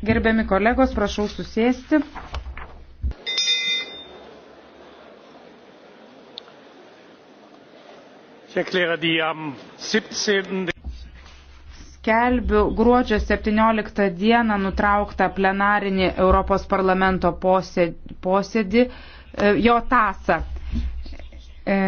Gerbiami kolegos, prašau susėsti. Skelbiu gruodžio 17 dieną nutrauktą plenarinį Europos parlamento posėdį, e, jo tasą. E,